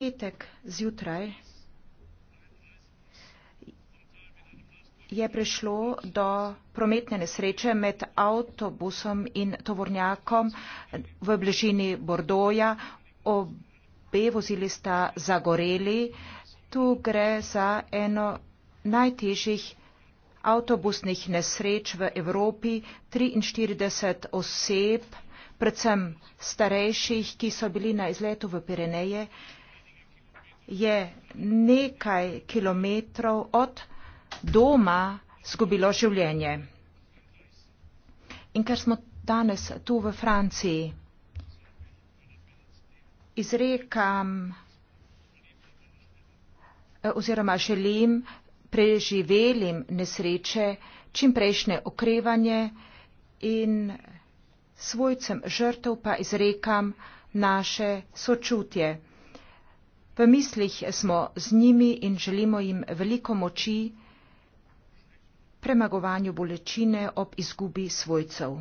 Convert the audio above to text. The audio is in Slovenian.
Petek zjutraj je prišlo do prometne nesreče med avtobusom in tovornjakom v bližini Bordoja. Obe vozili sta zagoreli. Tu gre za eno najtežjih avtobusnih nesreč v Evropi. 43 oseb, predvsem starejših, ki so bili na izletu v Pireneje je nekaj kilometrov od doma zgubilo življenje. In ker smo danes tu v Franciji, izrekam eh, oziroma želim preživelim nesreče čim prejšnje okrevanje in svojcem žrtev pa izrekam naše sočutje. V mislih smo z njimi in želimo jim veliko moči premagovanju bolečine ob izgubi svojcev.